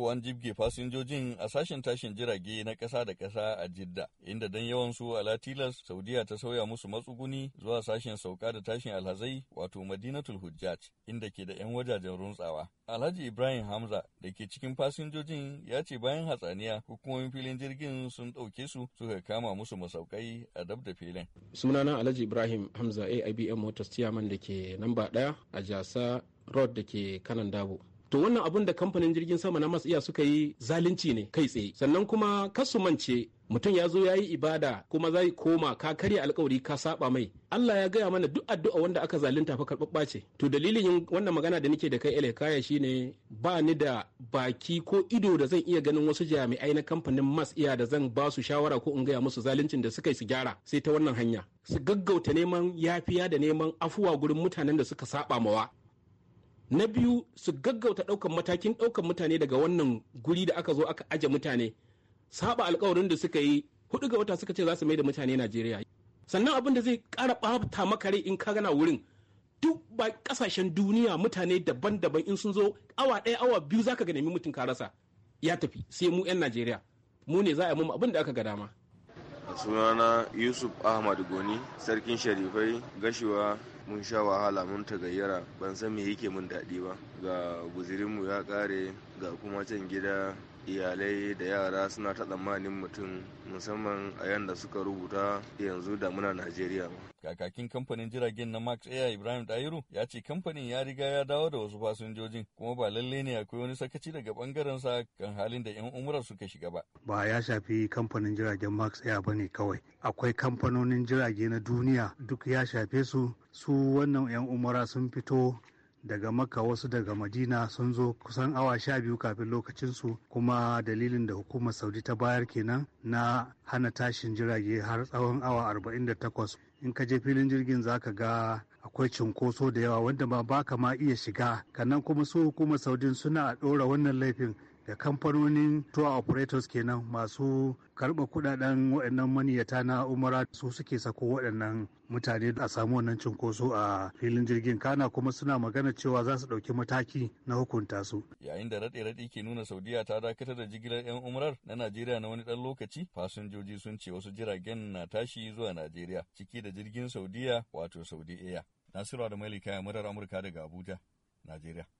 An jibge fasinjojin a sashen tashin jirage na ƙasa da ƙasa a Jidda, inda don yawan su ala Saudiya ta sauya musu matsuguni zuwa sashen sauka da tashin alhazai wato Madinatul Hujjaj, inda ke da 'yan wajajen runtsawa. Alhaji Ibrahim Hamza da ke cikin fasinjojin ya ce bayan hatsaniya hukumomin filin jirgin sun ɗauke su suka kama musu masaukai a dab da filin. Sunana Alhaji Ibrahim Hamza AIBM Motors Chairman da ke namba ɗaya a Jasa rod da ke kanan Dabo. to wannan abun da kamfanin jirgin sama na mas iya suka yi zalunci ne kai tsaye sannan kuma ce mutum ya zo ya yi ibada kuma zai koma ka karya alkawari ka saba mai Allah ya gaya mana duk addu'a wanda aka zalunta fa karɓaɓɓa ce to dalilin yin wannan magana da nake da kai ele kaya shine ba ni da baki ko ido da zan iya ganin wasu jami'ai na kamfanin mas iya da zan ba su shawara ko in gaya musu zaluncin da suka yi su gyara sai ta wannan hanya su gaggauta neman yafiya da neman afuwa gurin mutanen da suka saba mawa na biyu su gaggauta ɗaukan matakin ɗaukan mutane daga wannan guri da aka zo aka aje mutane saba alkawarin da suka yi hudu ga wata suka ce za su mai da mutane najeriya sannan abin da zai kara ɓata maka rai in ka gana wurin duk ba ƙasashen duniya mutane daban-daban in sun zo awa ɗaya awa biyu zaka ga nemi mutum ka rasa ya tafi sai mu 'yan najeriya mu ne za a yi mu abin da aka ga dama sunana yusuf ahmad goni sarkin sharifai gashiwa mun sha wahala mun ta gayyara ban san me yake mun daɗi ba ga guzirinmu ya ƙare ga kuma can gida iyalai da yara suna ta tsammanin mutum musamman a yanda suka rubuta yanzu da muna Najeriya. Kakakin kamfanin jiragen na Max Air Ibrahim Dairu ya ce kamfanin ya riga ya dawo da wasu fasinjojin kuma ba lalle ne akwai wani sakaci daga bangaren sa kan halin da 'yan umura suka shiga ba. Ba ya shafi kamfanin jiragen Max Air ba ne kawai. Akwai kamfanonin jirage na duniya duk ya shafe su su wannan 'yan umara sun fito daga makka wasu daga madina sun zo kusan awa sha biyu kafin lokacinsu kuma dalilin da hukumar saudi ta bayar kenan na hana tashin jirage har tsawon awa arba'in da 48 in ka je filin jirgin za ka ga akwai cunkoso da yawa wanda ba baka ma iya shiga kannan kuma su hukumar saudin suna a ɗora wannan laifin da kamfanonin tour operators kenan masu karɓa kudaden waɗannan maniyata na umara su suke sako waɗannan mutane a samu wannan cinkoso a filin jirgin kana kuma suna magana cewa za su ɗauki mataki na hukunta su. Yayin da raɗe-raɗe ke nuna Saudiya ta dakatar da jigilar 'yan umrar na Najeriya na wani ɗan lokaci, fasinjoji sun ce wasu jiragen na tashi zuwa Najeriya ciki da jirgin Saudiya wato Saudi Air. Nasiru da Malika murar Amurka daga Abuja, Najeriya.